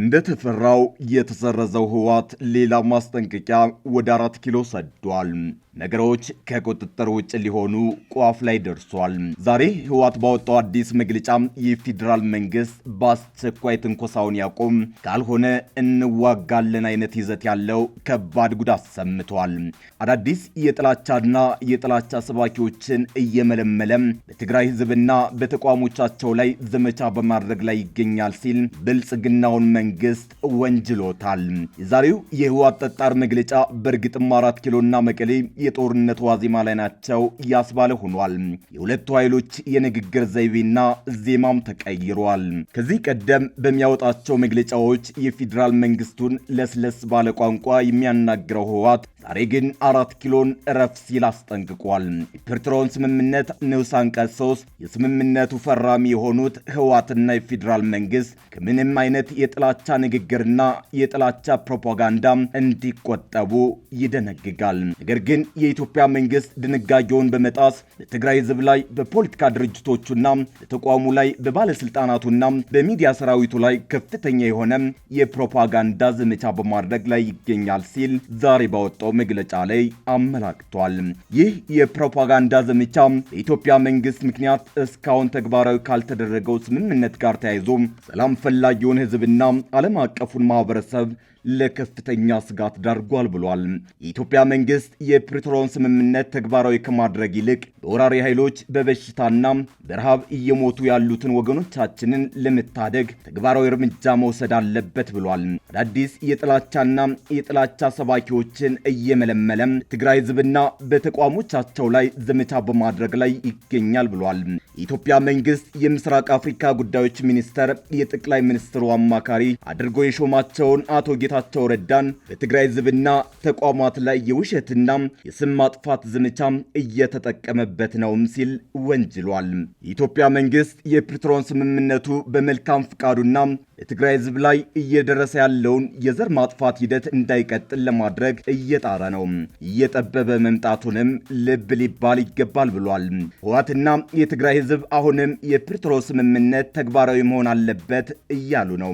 እንደተፈራው የተሰረዘው ህወሓት ሌላ ማስጠንቀቂያ ወደ አራት ኪሎ ሰዷል። ነገሮች ከቁጥጥር ውጭ ሊሆኑ ቋፍ ላይ ደርሷል። ዛሬ ህወሓት ባወጣው አዲስ መግለጫ የፌዴራል መንግስት በአስቸኳይ ትንኮሳውን ያቁም፣ ካልሆነ እንዋጋለን አይነት ይዘት ያለው ከባድ ጉዳት ሰምቷል። አዳዲስ የጥላቻና የጥላቻ ሰባኪዎችን እየመለመለም በትግራይ ህዝብና በተቋሞቻቸው ላይ ዘመቻ በማድረግ ላይ ይገኛል ሲል ብልጽግናውን መንግስት ወንጅሎታል። የዛሬው የህወሓት ጠጣር መግለጫ በእርግጥም አራት ኪሎና መቀሌ የጦርነት ዋዜማ ላይ ናቸው ያስባለ ሆኗል። የሁለቱ ኃይሎች የንግግር ዘይቤና ዜማም ተቀይሯል። ከዚህ ቀደም በሚያወጣቸው መግለጫዎች የፌዴራል መንግስቱን ለስለስ ባለ ቋንቋ የሚያናግረው ህወሓት ዛሬ ግን አራት ኪሎን እረፍ ሲል አስጠንቅቋል። የፕሪቶሪያውን ስምምነት ንዑስ አንቀጽ የስምምነቱ ፈራሚ የሆኑት ህወሓትና የፌዴራል መንግስት ከምንም አይነት የጥላቻ ንግግርና የጥላቻ ፕሮፓጋንዳ እንዲቆጠቡ ይደነግጋል። ነገር ግን የኢትዮጵያ መንግስት ድንጋጌውን በመጣስ በትግራይ ህዝብ ላይ በፖለቲካ ድርጅቶቹና በተቋሙ ላይ በባለስልጣናቱና በሚዲያ ሰራዊቱ ላይ ከፍተኛ የሆነ የፕሮፓጋንዳ ዘመቻ በማድረግ ላይ ይገኛል ሲል ዛሬ ባወጣው መግለጫ ላይ አመላክቷል። ይህ የፕሮፓጋንዳ ዘመቻ በኢትዮጵያ መንግስት ምክንያት እስካሁን ተግባራዊ ካልተደረገው ስምምነት ጋር ተያይዞ ሰላም ፈላጊውን ህዝብና ዓለም አቀፉን ማህበረሰብ ለከፍተኛ ስጋት ዳርጓል ብሏል። የኢትዮጵያ መንግስት የፕሪ የፕሪቶሪያውን ስምምነት ተግባራዊ ከማድረግ ይልቅ በወራሪ ኃይሎች በበሽታና በረሃብ እየሞቱ ያሉትን ወገኖቻችንን ለመታደግ ተግባራዊ እርምጃ መውሰድ አለበት ብሏል። አዳዲስ የጥላቻና የጥላቻ ሰባኪዎችን እየመለመለም ትግራይ ህዝብና በተቋሞቻቸው ላይ ዘመቻ በማድረግ ላይ ይገኛል ብሏል። የኢትዮጵያ መንግስት የምስራቅ አፍሪካ ጉዳዮች ሚኒስተር የጠቅላይ ሚኒስትሩ አማካሪ አድርጎ የሾማቸውን አቶ ጌታቸው ረዳን በትግራይ ህዝብና ተቋማት ላይ የውሸትና የስም ማጥፋት ዘመቻም እየተጠቀመበት ነውም ሲል ወንጅሏል። የኢትዮጵያ መንግስት የፕሪቶሪያውን ስምምነቱ በመልካም ፍቃዱና በትግራይ ህዝብ ላይ እየደረሰ ያለውን የዘር ማጥፋት ሂደት እንዳይቀጥል ለማድረግ እየጣረ ነው። እየጠበበ መምጣቱንም ልብ ሊባል ይገባል ብሏል። ህወሓትና የትግራይ ህዝብ አሁንም የፕሪቶሪያው ስምምነት ተግባራዊ መሆን አለበት እያሉ ነው።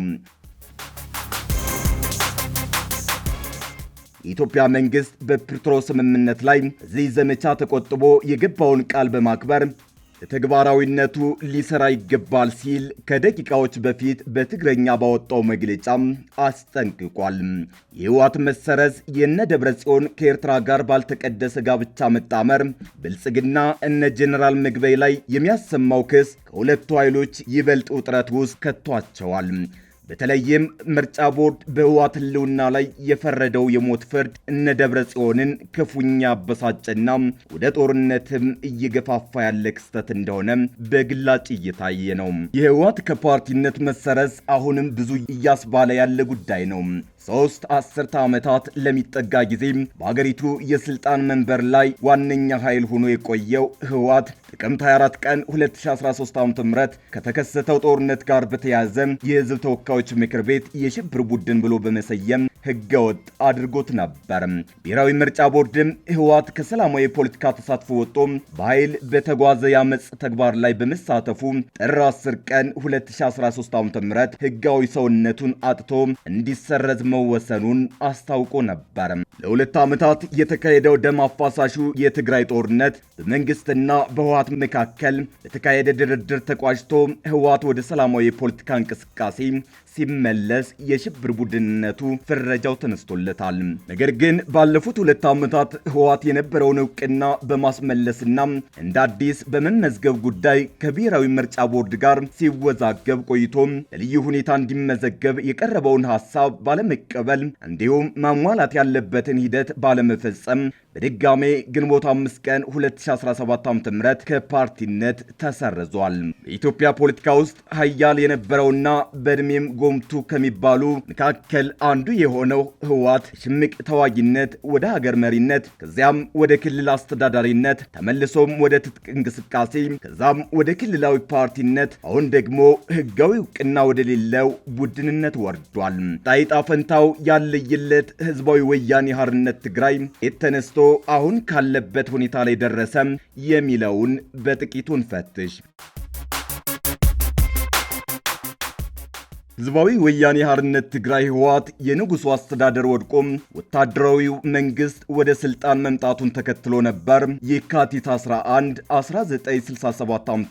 የኢትዮጵያ መንግስት በፕርትሮ ስምምነት ላይ እዚህ ዘመቻ ተቆጥቦ የገባውን ቃል በማክበር ለተግባራዊነቱ ሊሰራ ይገባል ሲል ከደቂቃዎች በፊት በትግረኛ ባወጣው መግለጫ አስጠንቅቋል። የህወሓት መሰረዝ፣ የነ ደብረ ጽዮን ከኤርትራ ጋር ባልተቀደሰ ጋብቻ መጣመር፣ ብልጽግና እነ ጄኔራል ምግበይ ላይ የሚያሰማው ክስ ከሁለቱ ኃይሎች ይበልጥ ውጥረት ውስጥ ከቷቸዋል። በተለይም ምርጫ ቦርድ በህዋት ህልውና ላይ የፈረደው የሞት ፍርድ እነ ደብረ ጽዮንን ክፉኛ አበሳጨና ወደ ጦርነትም እየገፋፋ ያለ ክስተት እንደሆነ በግላጭ እየታየ ነው። የህዋት ከፓርቲነት መሰረዝ አሁንም ብዙ እያስባለ ያለ ጉዳይ ነው። ሶስት አስርተ ዓመታት ለሚጠጋ ጊዜ በሀገሪቱ የስልጣን መንበር ላይ ዋነኛ ኃይል ሆኖ የቆየው ህወሓት ጥቅምት 24 ቀን 2013 ዓ.ም ከተከሰተው ጦርነት ጋር በተያያዘ የህዝብ ተወካዮች ምክር ቤት የሽብር ቡድን ብሎ በመሰየም ህገወጥ አድርጎት ነበር። ብሔራዊ ምርጫ ቦርድም ህወሓት ከሰላማዊ የፖለቲካ ተሳትፎ ወጥቶ በኃይል በተጓዘ የአመፅ ተግባር ላይ በመሳተፉ ጥር 10 ቀን 2013 ዓ.ም ህጋዊ ሰውነቱን አጥቶ እንዲሰረዝ መወሰኑን አስታውቆ ነበር። ለሁለት ዓመታት የተካሄደው ደም አፋሳሹ የትግራይ ጦርነት በመንግስትና በህዋት መካከል በተካሄደ ድርድር ተቋጭቶ ህዋት ወደ ሰላማዊ የፖለቲካ እንቅስቃሴ ሲመለስ የሽብር ቡድንነቱ ፍረጃው ተነስቶለታል። ነገር ግን ባለፉት ሁለት ዓመታት ህወሓት የነበረውን እውቅና በማስመለስና እንደ አዲስ በመመዝገብ ጉዳይ ከብሔራዊ ምርጫ ቦርድ ጋር ሲወዛገብ ቆይቶ ለልዩ ሁኔታ እንዲመዘገብ የቀረበውን ሀሳብ ባለመቀበል እንዲሁም ማሟላት ያለበትን ሂደት ባለመፈጸም በድጋሜ ግንቦት 5 ቀን 2017 ዓ.ም ከፓርቲነት ተሰርዟል። በኢትዮጵያ ፖለቲካ ውስጥ ሀያል የነበረውና በእድሜም ጎ ጎምቱ ከሚባሉ መካከል አንዱ የሆነው ህወሓት ሽምቅ ተዋጊነት ወደ ሀገር መሪነት ከዚያም ወደ ክልል አስተዳዳሪነት ተመልሶም ወደ ትጥቅ እንቅስቃሴ ከዛም ወደ ክልላዊ ፓርቲነት አሁን ደግሞ ህጋዊ እውቅና ወደሌለው ቡድንነት ወርዷል። ጣይጣ ፈንታው ያለየለት ህዝባዊ ወያኔ ሀርነት ትግራይ የተነስቶ አሁን ካለበት ሁኔታ ላይ ደረሰም የሚለውን በጥቂቱ እንፈትሽ። ህዝባዊ ወያኔ ሀርነት ትግራይ ህወሓት የንጉሱ አስተዳደር ወድቆም ወታደራዊው መንግስት ወደ ስልጣን መምጣቱን ተከትሎ ነበር የካቲት 11 1967 ዓ.ም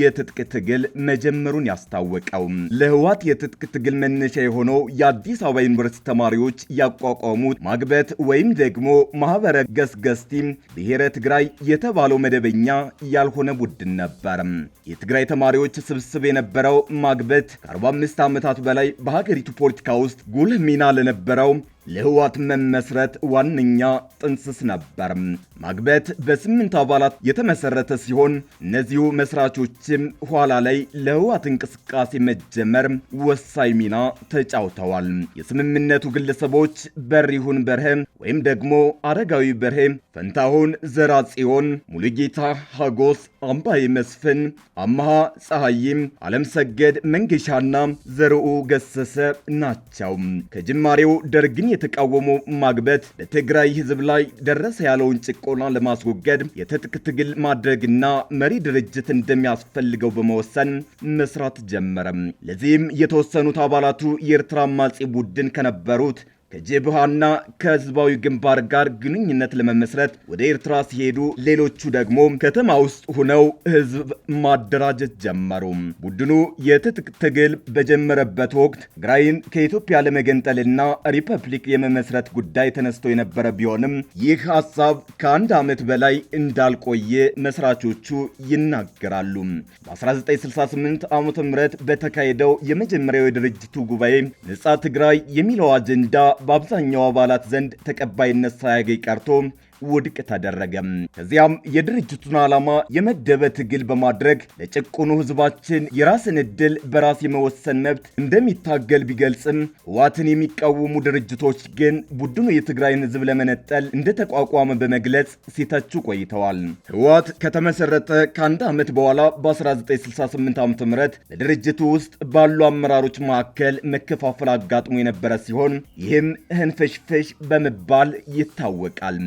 የትጥቅ ትግል መጀመሩን ያስታወቀው። ለህወሓት የትጥቅ ትግል መነሻ የሆነው የአዲስ አበባ ዩኒቨርሲቲ ተማሪዎች ያቋቋሙት ማግበት ወይም ደግሞ ማህበረ ገስገስቲ ብሔረ ትግራይ የተባለው መደበኛ ያልሆነ ቡድን ነበር። የትግራይ ተማሪዎች ስብስብ የነበረው ማግበት ከ45 ዓመት ዓመታት በላይ በሀገሪቱ ፖለቲካ ውስጥ ጉልህ ሚና ለነበረው ለህወሓት መመስረት ዋነኛ ጥንስስ ነበር። ማግበት በስምንት አባላት የተመሰረተ ሲሆን እነዚሁ መስራቾችም ኋላ ላይ ለህወሓት እንቅስቃሴ መጀመር ወሳኝ ሚና ተጫውተዋል። የስምምነቱ ግለሰቦች በሪሁን በርሄ ወይም ደግሞ አረጋዊ በርሄ፣ ፈንታሁን ዘራጽዮን፣ ሙሉጌታ ሀጎስ፣ አምባ መስፍን፣ አመሃ ፀሐይም፣ አለምሰገድ መንገሻና ዘርኡ ገሰሰ ናቸው። ከጅማሬው ደርግን የተቃወሙ ማግበት በትግራይ ህዝብ ላይ ደረሰ ያለውን ጭቆና ለማስወገድ የትጥቅ ትግል ማድረግና መሪ ድርጅት እንደሚያስፈልገው በመወሰን መስራት ጀመረም። ለዚህም የተወሰኑት አባላቱ የኤርትራ አማጺ ቡድን ከነበሩት ከጀብሃና ከህዝባዊ ግንባር ጋር ግንኙነት ለመመስረት ወደ ኤርትራ ሲሄዱ፣ ሌሎቹ ደግሞ ከተማ ውስጥ ሆነው ህዝብ ማደራጀት ጀመሩ። ቡድኑ የትጥቅ ትግል በጀመረበት ወቅት ትግራይን ከኢትዮጵያ ለመገንጠልና ሪፐብሊክ የመመስረት ጉዳይ ተነስቶ የነበረ ቢሆንም ይህ ሀሳብ ከአንድ ዓመት በላይ እንዳልቆየ መስራቾቹ ይናገራሉ። በ1968 ዓ ም በተካሄደው የመጀመሪያው የድርጅቱ ጉባኤ ነጻ ትግራይ የሚለው አጀንዳ በአብዛኛው አባላት ዘንድ ተቀባይነት ሳያገኝ ቀርቶ ውድቅ ተደረገ ከዚያም የድርጅቱን ዓላማ የመደበ ትግል በማድረግ ለጭቁኑ ህዝባችን የራስን ዕድል በራስ የመወሰን መብት እንደሚታገል ቢገልጽም ህዋትን የሚቃወሙ ድርጅቶች ግን ቡድኑ የትግራይን ህዝብ ለመነጠል እንደተቋቋመ በመግለጽ ሲተቹ ቆይተዋል። ህወት ከተመሰረተ ከአንድ ዓመት በኋላ በ1968 ዓ ም በድርጅቱ ውስጥ ባሉ አመራሮች መካከል መከፋፈል አጋጥሞ የነበረ ሲሆን ይህም ህንፍሽፍሽ በመባል ይታወቃል።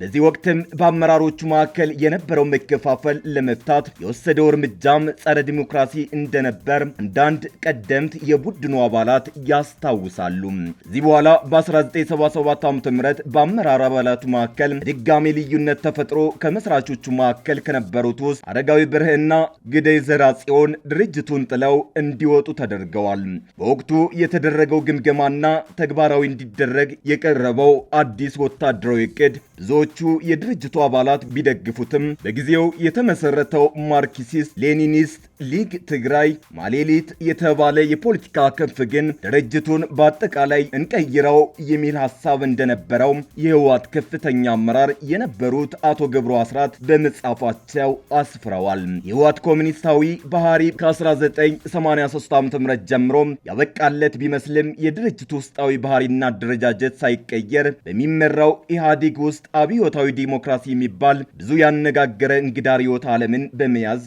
በዚህ ወቅትም በአመራሮቹ መካከል የነበረው መከፋፈል ለመፍታት የወሰደው እርምጃም ጸረ ዲሞክራሲ እንደነበር አንዳንድ ቀደምት የቡድኑ አባላት ያስታውሳሉ። እዚህ በኋላ በ1977 ዓ ም በአመራር አባላቱ መካከል ድጋሜ ልዩነት ተፈጥሮ ከመስራቾቹ መካከል ከነበሩት ውስጥ አረጋዊ ብርህና ግደይ ዘራጽዮን ድርጅቱን ጥለው እንዲወጡ ተደርገዋል። በወቅቱ የተደረገው ግምገማና ተግባራዊ እንዲደረግ የቀረበው አዲስ ወታደራዊ እቅድ ብዙዎች ብዙዎቹ የድርጅቱ አባላት ቢደግፉትም በጊዜው የተመሰረተው ማርክሲስት ሌኒኒስት ሊግ ትግራይ ማሌሊት የተባለ የፖለቲካ ክንፍ ግን ድርጅቱን በአጠቃላይ እንቀይረው የሚል ሀሳብ እንደነበረው የህወሓት ከፍተኛ አመራር የነበሩት አቶ ገብሩ አስራት በመጻፋቸው አስፍረዋል። የህወሓት ኮሚኒስታዊ ባህሪ ከ1983 ዓም ጀምሮ ያበቃለት ቢመስልም የድርጅቱ ውስጣዊ ባህሪና አደረጃጀት ሳይቀየር በሚመራው ኢህአዴግ ውስጥ አብይ ርዕዮታዊ ዲሞክራሲ የሚባል ብዙ ያነጋገረ እንግዳ ርዕዮተ ዓለምን በመያዝ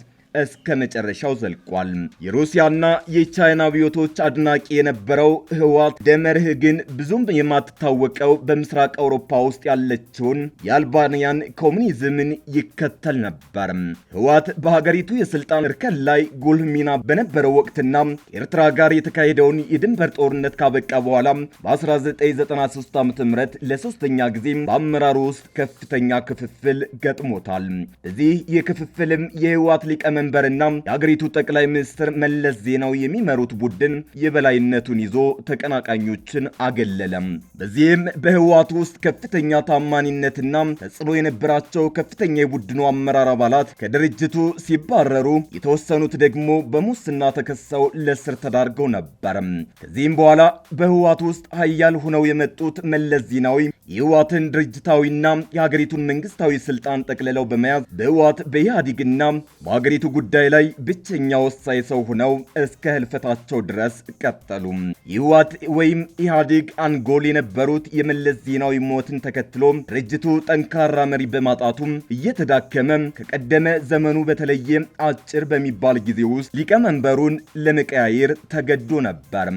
እስከ መጨረሻው ዘልቋል። የሩሲያና የቻይና አብዮቶች አድናቂ የነበረው ህወሓት ደመርህ ግን ብዙም የማትታወቀው በምስራቅ አውሮፓ ውስጥ ያለችውን የአልባንያን ኮሙኒዝምን ይከተል ነበር። ህወሓት በሀገሪቱ የስልጣን እርከን ላይ ጉልህ ሚና በነበረው ወቅትና ኤርትራ ጋር የተካሄደውን የድንበር ጦርነት ካበቃ በኋላ በ1993 ዓ ም ለሶስተኛ ጊዜ በአመራሩ ውስጥ ከፍተኛ ክፍፍል ገጥሞታል። በዚህ የክፍፍልም የህወሓት ሊቀመ ሊቀመንበርና የአገሪቱ ጠቅላይ ሚኒስትር መለስ ዜናዊ የሚመሩት ቡድን የበላይነቱን ይዞ ተቀናቃኞችን አገለለም። በዚህም በህወሓት ውስጥ ከፍተኛ ታማኒነትና ተጽዕኖ የነበራቸው ከፍተኛ የቡድኑ አመራር አባላት ከድርጅቱ ሲባረሩ፣ የተወሰኑት ደግሞ በሙስና ተከሰው ለእስር ተዳርገው ነበር። ከዚህም በኋላ በህወሓት ውስጥ ሀያል ሆነው የመጡት መለስ ዜናዊ የህወሓትን ድርጅታዊና የሀገሪቱን መንግስታዊ ስልጣን ጠቅልለው በመያዝ በህወሓት በኢህአዲግና በሀገሪቱ ጉዳይ ላይ ብቸኛ ወሳኝ ሰው ሆነው እስከ ህልፈታቸው ድረስ ቀጠሉ። ህወሓት ወይም ኢህአዴግ አንጎል የነበሩት የመለስ ዜናዊ ሞትን ተከትሎ ድርጅቱ ጠንካራ መሪ በማጣቱም እየተዳከመ ከቀደመ ዘመኑ በተለየ አጭር በሚባል ጊዜ ውስጥ ሊቀመንበሩን ለመቀያየር ተገዶ ነበር።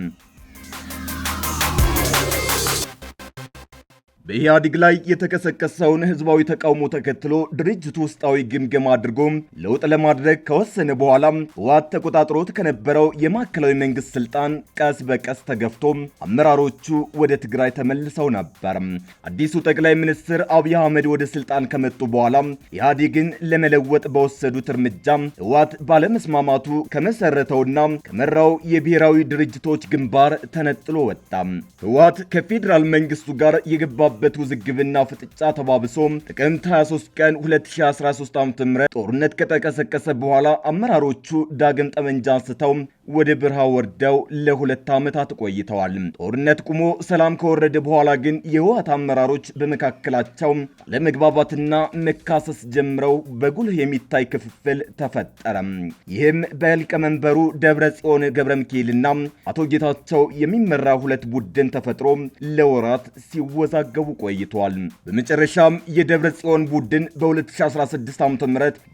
በኢህአዴግ ላይ የተቀሰቀሰውን ህዝባዊ ተቃውሞ ተከትሎ ድርጅቱ ውስጣዊ ግምገማ አድርጎ ለውጥ ለማድረግ ከወሰነ በኋላ ህወሓት ተቆጣጥሮት ከነበረው የማዕከላዊ መንግስት ስልጣን ቀስ በቀስ ተገፍቶ አመራሮቹ ወደ ትግራይ ተመልሰው ነበር። አዲሱ ጠቅላይ ሚኒስትር አብይ አህመድ ወደ ስልጣን ከመጡ በኋላ ኢህአዴግን ለመለወጥ በወሰዱት እርምጃ ህወሓት ባለመስማማቱ ከመሰረተውና ከመራው የብሔራዊ ድርጅቶች ግንባር ተነጥሎ ወጣ። ህወሓት ከፌዴራል መንግስቱ ጋር የገባ የገባበት ውዝግብና ፍጥጫ ተባብሶ ጥቅምት 23 ቀን 2013 ም ጦርነት ከተቀሰቀሰ በኋላ አመራሮቹ ዳግም ጠመንጃ አንስተው ወደ በረሃ ወርደው ለሁለት ዓመታት ቆይተዋል። ጦርነት ቁሞ ሰላም ከወረደ በኋላ ግን የህወሓት አመራሮች በመካከላቸው አለመግባባትና መካሰስ ጀምረው በጉልህ የሚታይ ክፍፍል ተፈጠረ። ይህም በሊቀመንበሩ ደብረ ጽዮን ገብረ ሚካኤልና አቶ ጌታቸው የሚመራ ሁለት ቡድን ተፈጥሮ ለወራት ሲወዛገቡ ቆይተዋል። በመጨረሻም የደብረ ጽዮን ቡድን በ2016 ዓ ም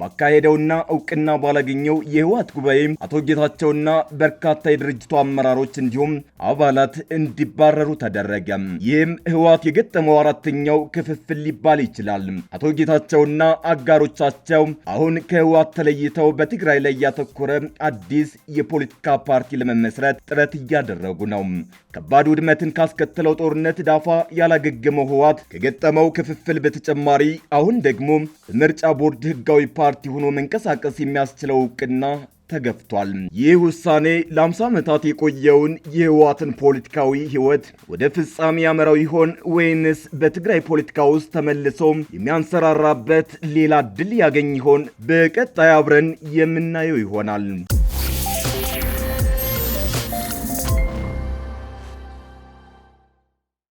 ባካሄደውና እውቅና ባላገኘው የህወሓት ጉባኤ አቶ ጌታቸውና በርካታ የድርጅቱ አመራሮች እንዲሁም አባላት እንዲባረሩ ተደረገ ይህም ህወሓት የገጠመው አራተኛው ክፍፍል ሊባል ይችላል። አቶ ጌታቸውና አጋሮቻቸው አሁን ከህወሓት ተለይተው በትግራይ ላይ እያተኮረ አዲስ የፖለቲካ ፓርቲ ለመመስረት ጥረት እያደረጉ ነው። ከባድ ውድመትን ካስከተለው ጦርነት ዳፋ ያላገገመው ህወሓት ከገጠመው ክፍፍል በተጨማሪ አሁን ደግሞ ምርጫ ቦርድ ህጋዊ ፓርቲ ሆኖ መንቀሳቀስ የሚያስችለው እውቅና ተገፍቷል። ይህ ውሳኔ ለ50 ዓመታት የቆየውን የህወሓትን ፖለቲካዊ ህይወት ወደ ፍጻሜ ያመራው ይሆን ወይንስ በትግራይ ፖለቲካ ውስጥ ተመልሶ የሚያንሰራራበት ሌላ ድል ያገኝ ይሆን? በቀጣይ አብረን የምናየው ይሆናል።